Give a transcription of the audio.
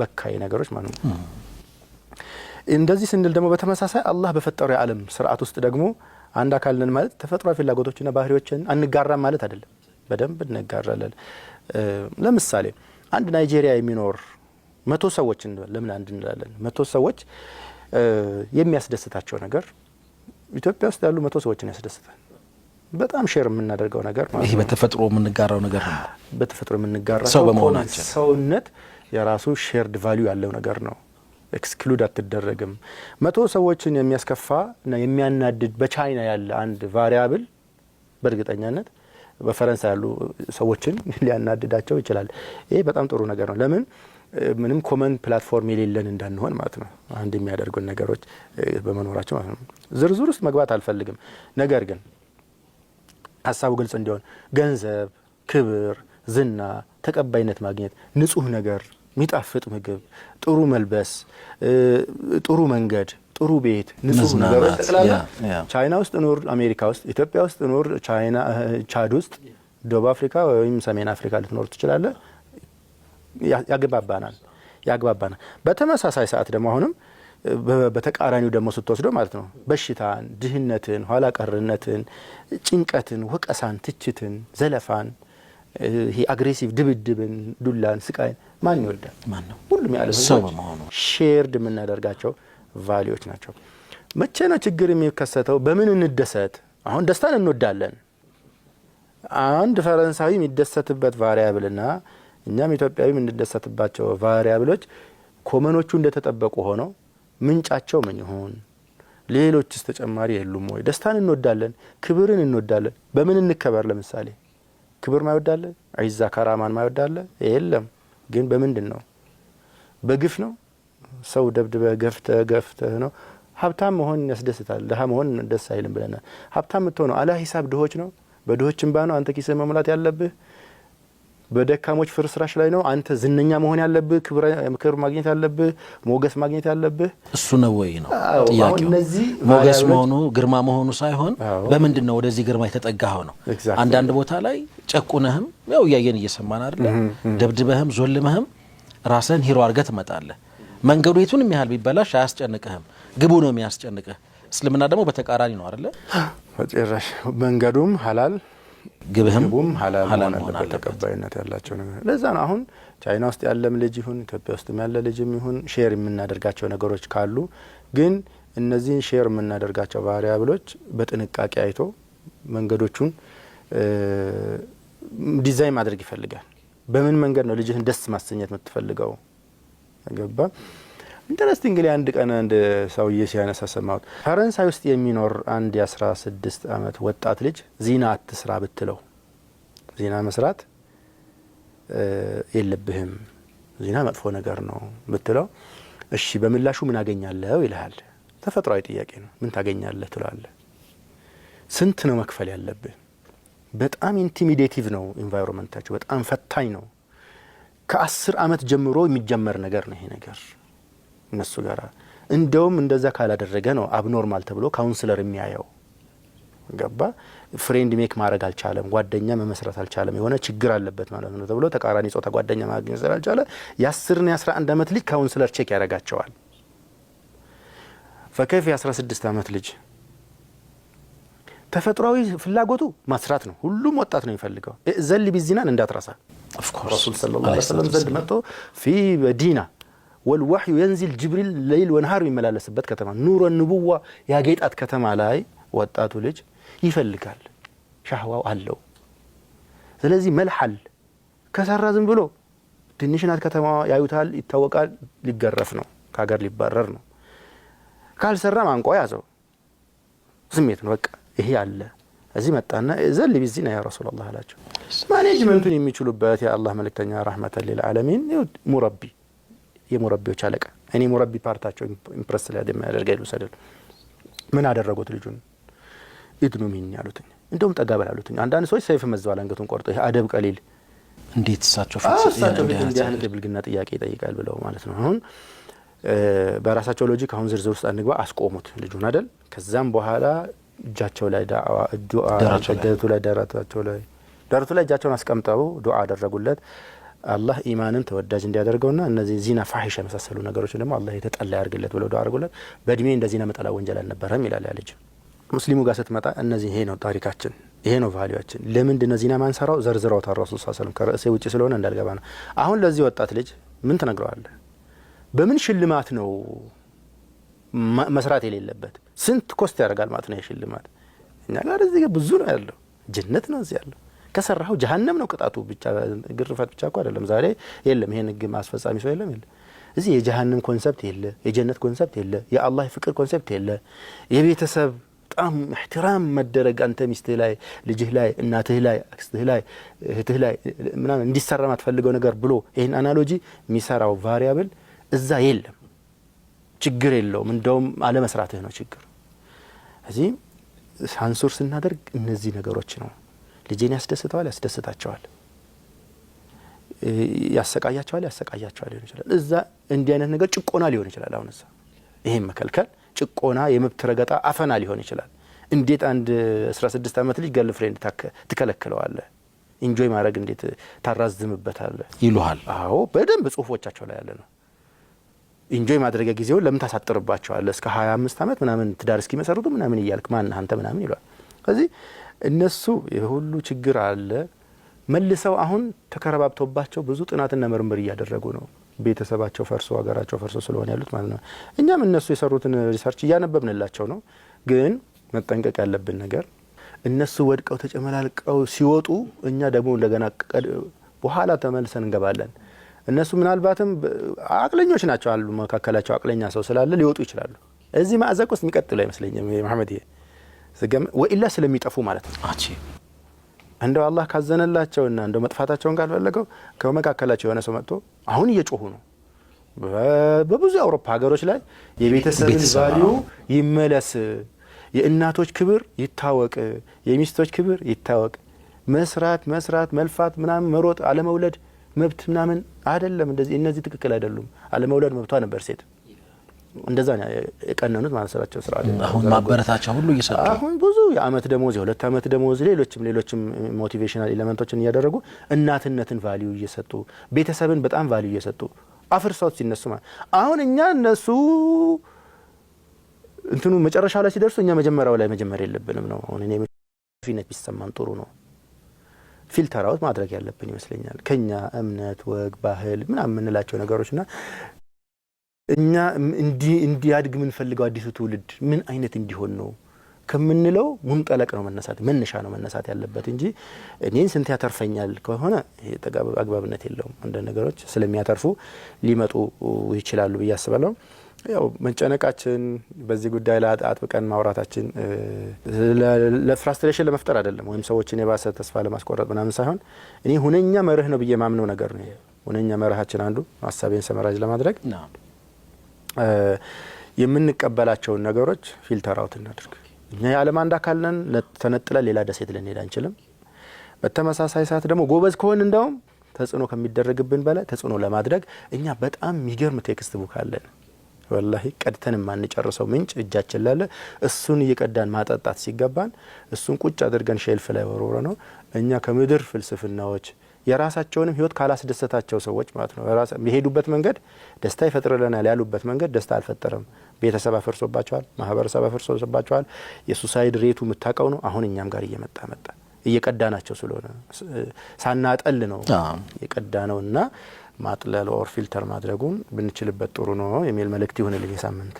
በካይ ነገሮች ማለት ነው። እንደዚህ ስንል ደግሞ በተመሳሳይ አላህ በፈጠረው የዓለም ስርዓት ውስጥ ደግሞ አንድ አካል ነን ማለት ተፈጥሯዊ ፍላጎቶችና ባህሪዎችን አንጋራም ማለት አይደለም። በደንብ እንጋራለን። ለምሳሌ አንድ ናይጄሪያ የሚኖር መቶ ሰዎች ለምን አንድ እንላለን? መቶ ሰዎች የሚያስደስታቸው ነገር ኢትዮጵያ ውስጥ ያሉ መቶ ሰዎችን ያስደስታል። በጣም ሼር የምናደርገው ነገር ማለት ይሄ በተፈጥሮ የምንጋራው ነገር ነው። በተፈጥሮ የምንጋራ ሰው በመሆናችን ሰውነት የራሱ ሼርድ ቫሊዩ ያለው ነገር ነው። ኤክስክሉድ አትደረግም። መቶ ሰዎችን የሚያስከፋ እና የሚያናድድ በቻይና ያለ አንድ ቫሪያብል በእርግጠኛነት በፈረንሳይ ያሉ ሰዎችን ሊያናድዳቸው ይችላል። ይሄ በጣም ጥሩ ነገር ነው። ለምን ምንም ኮመን ፕላትፎርም የሌለን እንዳንሆን ማለት ነው። አንድ የሚያደርጉን ነገሮች በመኖራቸው ማለት ነው። ዝርዝር ውስጥ መግባት አልፈልግም። ነገር ግን ሀሳቡ ግልጽ እንዲሆን ገንዘብ፣ ክብር፣ ዝና፣ ተቀባይነት ማግኘት ንጹህ ነገር የሚጣፍጥ ምግብ፣ ጥሩ መልበስ፣ ጥሩ መንገድ፣ ጥሩ ቤት፣ ንጹህ ነገር ጠቅላላ ቻይና ውስጥ ኖር፣ አሜሪካ ውስጥ፣ ኢትዮጵያ ውስጥ ኖር፣ ቻይና ቻድ ውስጥ፣ ደቡብ አፍሪካ ወይም ሰሜን አፍሪካ ልትኖር ትችላለ ያግባባናል ያግባባናል። በተመሳሳይ ሰዓት ደግሞ አሁንም በተቃራኒው ደግሞ ስትወስደው ማለት ነው በሽታን፣ ድህነትን፣ ኋላ ቀርነትን፣ ጭንቀትን፣ ወቀሳን፣ ትችትን፣ ዘለፋን ይሄ አግሬሲቭ ድብድብን፣ ዱላን፣ ስቃይን ማን ይወዳል? ማን ነው? ሁሉም ያለ ሼርድ የምናደርጋቸው ቫሊዎች ናቸው። መቼ ነው ችግር የሚከሰተው? በምን እንደሰት? አሁን ደስታን እንወዳለን። አንድ ፈረንሳዊ የሚደሰትበት ቫሪያብልና እኛም ኢትዮጵያዊ የምንደሰትባቸው ቫሪያብሎች ኮመኖቹ እንደተጠበቁ ሆነው ምንጫቸው ምን ይሆን? ሌሎችስ ተጨማሪ የሉም ወይ? ደስታን እንወዳለን፣ ክብርን እንወዳለን። በምን እንከበር? ለምሳሌ ክብር ማይወዳለ ዒዛ ከራማን ማይወዳለ የለም። ግን በምንድን ነው? በግፍ ነው። ሰው ደብድበ ገፍተ ገፍተ ነው ሀብታም መሆን ያስደስታል። ድሀ መሆን ደስ አይልም ብለናል። ሀብታም ምትሆነው አላ ሂሳብ ድሆች ነው። በድሆች እንባ ነው አንተ ኪስህ መሙላት ያለብህ። በደካሞች ፍርስራሽ ላይ ነው። አንተ ዝነኛ መሆን ያለብህ፣ ክብር ማግኘት ያለብህ፣ ሞገስ ማግኘት ያለብህ እሱ ነው ወይ ነው ጥያቄው? ሞገስ መሆኑ ግርማ መሆኑ ሳይሆን በምንድን ነው ወደዚህ ግርማ የተጠጋኸው ነው። አንዳንድ ቦታ ላይ ጨቁነህም ያው እያየን እየሰማን አይደለ፣ ደብድበህም ዞልመህም ራስህን ሂሮ አድርገህ ትመጣለህ። መንገዱ የቱንም ያህል ቢበላሽ አያስጨንቅህም፣ ግቡ ነው የሚያስጨንቅህ። እስልምና ደግሞ በተቃራኒ ነው አይደለ? ጭራሽ መንገዱም ሀላል ግብህም ሀላል መሆን አለበት፣ ተቀባይነት ያላቸው ነገር። ለዛ ነው አሁን ቻይና ውስጥ ያለም ልጅ ይሁን ኢትዮጵያ ውስጥም ያለ ልጅም ይሁን ሼር የምናደርጋቸው ነገሮች ካሉ ግን እነዚህን ሼር የምናደርጋቸው ቫሪያብሎች በጥንቃቄ አይቶ መንገዶቹን ዲዛይን ማድረግ ይፈልጋል። በምን መንገድ ነው ልጅህን ደስ ማሰኘት የምትፈልገው ገባ ኢንተረስቲንግሊ አንድ ቀን አንድ ሰውዬ ሲያነሳ ሰማሁት። ፈረንሳይ ውስጥ የሚኖር አንድ የአስራ ስድስት አመት ወጣት ልጅ ዜና አትስራ ብትለው ዜና መስራት የለብህም ዜና መጥፎ ነገር ነው ብትለው፣ እሺ በምላሹ ምን አገኛለሁ ይልሃል። ተፈጥሯዊ ጥያቄ ነው። ምን ታገኛለህ ትለዋለህ። ስንት ነው መክፈል ያለብህ? በጣም ኢንቲሚዴቲቭ ነው ኢንቫይሮንመንታቸው፣ በጣም ፈታኝ ነው። ከአስር አመት ጀምሮ የሚጀመር ነገር ነው ይሄ ነገር። እነሱ ጋር እንደውም እንደዛ ካላደረገ ነው አብኖርማል ተብሎ ካውንስለር የሚያየው ገባ ፍሬንድ ሜክ ማድረግ አልቻለም፣ ጓደኛ መመስረት አልቻለም፣ የሆነ ችግር አለበት ማለት ነው ተብሎ ተቃራኒ ጾታ ጓደኛ ማግኘት ስላልቻለ የአስርና የአስራ አንድ ዓመት ልጅ ካውንስለር ቼክ ያደርጋቸዋል። ፈከፍ የአስራ ስድስት ዓመት ልጅ ተፈጥሯዊ ፍላጎቱ ማስራት ነው። ሁሉም ወጣት ነው የሚፈልገው። ዘል ቢዚናን እንዳትረሳ ረሱል ስለ ላ ዘንድ መጥቶ ፊ በዲና والوحي ينزل جبريل ليل ونهار من ملالة سبت كتما نور النبوة يا جيت أت كتما لاي وطاتو لج يفلقال شهوة وهلو ذلزي ملحل كسر رازم بلو تنشنات كتما يا يوتال يتوقال لقرفنو كاقر لبررنو قال سر ما انقو يازو سميتن بك إهي الله أزي متانا إذا اللي بيزينا يا رسول الله لاجو ما نجم أنتوني ميشلو يا الله ملكتني يا رحمة للعالمين مربي የሙረቢዎች አለቃ እኔ ሙረቢ ፓርታቸው ኢምፕረስ ላይ የሚያደርግ አይሉ ምን አደረጉት? ልጁን ኢድኑ ሚን ያሉትኝ እንደውም ጠጋ በል አሉትኝ። አንዳንድ ሰዎች ሰይፍ መዘዋል አንገቱን ቆርጦ ይሄ አደብ ቀሊል እንዴት እሳቸው ፍእሳቸው ፊት እንዲህ አይነት የብልግና ጥያቄ ይጠይቃል ብለው ማለት ነው። አሁን በራሳቸው ሎጂክ አሁን ዝርዝር ውስጥ አንግባ፣ አስቆሙት ልጁን አደል። ከዛም በኋላ እጃቸው ላይ ደረቱ ላይ ደረታቸው ላይ ደረቱ ላይ እጃቸውን አስቀምጠው ዱዓ አደረጉለት። አላህ ኢማንን ተወዳጅ እንዲያደርገውና እነዚህ ዚና፣ ፋሒሻ የመሳሰሉ ነገሮችን ደግሞ አላህ የተጠላ ያርግለት ብለው ዱዓ አድርጉለት። በእድሜ እንደዚህ መጠላ ወንጀል አልነበረም ይላል ያ ልጅ። ሙስሊሙ ጋር ስትመጣ እነዚህ ይሄ ነው ታሪካችን፣ ይሄ ነው ቫሊያችን። ለምንድን ነው ዚና ማንሰራው? ዘርዝረውታል ረሱል ሰለላሁ ዐለይሂ ወሰለም። ውጭ ስለሆነ እንዳልገባ ነው። አሁን ለዚህ ወጣት ልጅ ምን ትነግረዋለህ? በምን ሽልማት ነው መስራት የሌለበት? ስንት ኮስት ያደርጋል ማለት ነው የሽልማት። እኛ ጋር እዚህ ብዙ ነው ያለው፣ ጅነት ነው እዚህ ያለው ከሰራኸው ጀሀነም ነው ቅጣቱ። ብቻ ግርፈት ብቻ እኮ አይደለም። ዛሬ የለም ይሄን ህግ ማስፈጻሚ ሰው የለም የለ እዚህ የጀሀነም ኮንሰፕት የለ፣ የጀነት ኮንሰፕት የለ፣ የአላህ ፍቅር ኮንሰፕት የለ። የቤተሰብ በጣም እህትራም መደረግ አንተ ሚስትህ ላይ፣ ልጅህ ላይ፣ እናትህ ላይ፣ አክስትህ ላይ፣ እህትህ ላይ ምናምን እንዲሰራ ማትፈልገው ነገር ብሎ ይህን አናሎጂ የሚሰራው ቫሪያብል እዛ የለም። ችግር የለውም። እንደውም አለመስራትህ ነው ችግር። እዚህ ሳንሱር ስናደርግ እነዚህ ነገሮች ነው ልጄን ያስደስተዋል፣ ያስደስታቸዋል፣ ያሰቃያቸዋል፣ ያሰቃያቸዋል ሊሆን ይችላል። እዛ እንዲህ አይነት ነገር ጭቆና ሊሆን ይችላል። አሁን እዛ ይሄን መከልከል ጭቆና፣ የመብት ረገጣ፣ አፈና ሊሆን ይችላል። እንዴት አንድ 16 ዓመት ልጅ ገርል ፍሬንድ ትከለክለዋለ? ኢንጆይ ማድረግ እንዴት ታራዝምበታለ? ይሉሃል። አዎ በደንብ ጽሁፎቻቸው ላይ ያለ ነው። ኢንጆይ ማድረጊያ ጊዜውን ለምን ታሳጥርባቸዋለ? እስከ 25 ዓመት ምናምን ትዳር እስኪመሰርቱ ምናምን እያልክ ማን አንተ ምናምን ይሏል። ስለዚህ እነሱ የሁሉ ችግር አለ መልሰው አሁን ተከረባብቶባቸው ብዙ ጥናትና ምርምር እያደረጉ ነው። ቤተሰባቸው ፈርሶ ሀገራቸው ፈርሶ ስለሆነ ያሉት ማለት ነው። እኛም እነሱ የሰሩትን ሪሰርች እያነበብንላቸው ነው። ግን መጠንቀቅ ያለብን ነገር እነሱ ወድቀው ተጨመላልቀው ሲወጡ እኛ ደግሞ እንደገና በኋላ ተመልሰን እንገባለን። እነሱ ምናልባትም አቅለኞች ናቸው አሉ መካከላቸው አቅለኛ ሰው ስላለ ሊወጡ ይችላሉ። እዚህ ማዕዘቅ ውስጥ የሚቀጥሉ አይመስለኝም መሐመድ ይሄ ወኢላ ስለሚጠፉ ማለት ነው። እንደው አላህ ካዘነላቸውና እንደው መጥፋታቸውን ካልፈለገው ከመካከላቸው የሆነ ሰው መጥቶ አሁን እየጮሁ ነው በብዙ የአውሮፓ ሀገሮች ላይ የቤተሰብን ቫሊዩ ይመለስ፣ የእናቶች ክብር ይታወቅ፣ የሚስቶች ክብር ይታወቅ። መስራት መስራት መልፋት ምናምን መሮጥ አለመውለድ መብት ምናምን አይደለም። እንደዚህ እነዚህ ትክክል አይደሉም። አለመውለድ መብቷ ነበር ሴት እንደዛ የቀነኑት ማህበረሰባቸው ስራ አሁን ማበረታቻ ሁሉ እየሰጡ አሁን ብዙ የአመት ደሞዝ የሁለት አመት ደሞዝ ሌሎችም ሌሎችም ሞቲቬሽናል ኤለመንቶችን እያደረጉ እናትነትን ቫሊዩ እየሰጡ ቤተሰብን በጣም ቫሊዩ እየሰጡ አፍርሰውት ሲነሱ ማለት አሁን እኛ እነሱ እንትኑ መጨረሻው ላይ ሲደርሱ እኛ መጀመሪያው ላይ መጀመር የለብንም ነው። አሁን እኔ ፊነት ቢሰማን ጥሩ ነው። ፊልተራውት ማድረግ ያለብን ይመስለኛል ከኛ እምነት፣ ወግ፣ ባህል ምናምን የምንላቸው ና እኛ እንዲያድግ የምንፈልገው አዲሱ ትውልድ ምን አይነት እንዲሆን ነው ከምንለው ሙንጠለቅ ነው መነሳት መነሻ ነው መነሳት ያለበት እንጂ እኔን ስንት ያተርፈኛል ከሆነ አግባብነት የለውም። አንዳንድ ነገሮች ስለሚያተርፉ ሊመጡ ይችላሉ ብዬ አስባለሁ። ያው መጨነቃችን በዚህ ጉዳይ ላይ አጥብቀን ማውራታችን ለፍራስትሬሽን ለመፍጠር አይደለም፣ ወይም ሰዎችን የባሰ ተስፋ ለማስቆረጥ ምናምን ሳይሆን እኔ ሁነኛ መርህ ነው ብዬ ማምነው ነገር ነው። ሁነኛ መርሃችን አንዱ ሀሳቤን ሰመራጅ ለማድረግ የምንቀበላቸውን ነገሮች ፊልተር አውት እናድርግ። እኛ የዓለም አንድ አካል ነን። ተነጥለን ሌላ ደሴት ልንሄድ አንችልም። በተመሳሳይ ሰዓት ደግሞ ጎበዝ ከሆን እንደውም ተጽዕኖ ከሚደረግብን በላይ ተጽዕኖ ለማድረግ እኛ በጣም የሚገርም ቴክስት ቡክ አለን። ወላሂ ቀድተን የማንጨርሰው ምንጭ እጃችን ላለ እሱን እየቀዳን ማጠጣት ሲገባን እሱን ቁጭ አድርገን ሼልፍ ላይ ወርውረ ነው እኛ ከምድር ፍልስፍናዎች የራሳቸውንም ህይወት ካላስደሰታቸው ሰዎች ማለት ነው የሄዱበት መንገድ ደስታ ይፈጥርልናል ያሉበት መንገድ ደስታ አልፈጠረም። ቤተሰብ አፈርሶባቸዋል። ማህበረሰብ አፈርሶባቸዋል። የሱሳይድ ሬቱ የምታውቀው ነው። አሁን እኛም ጋር እየመጣ መጣ እየቀዳ ናቸው ስለሆነ ሳናጠል ነው የቀዳ ነው እና ማጥለል ኦር ፊልተር ማድረጉን ብንችልበት ጥሩ ነው የሚል መልእክት ይሁንልኝ የሳምንት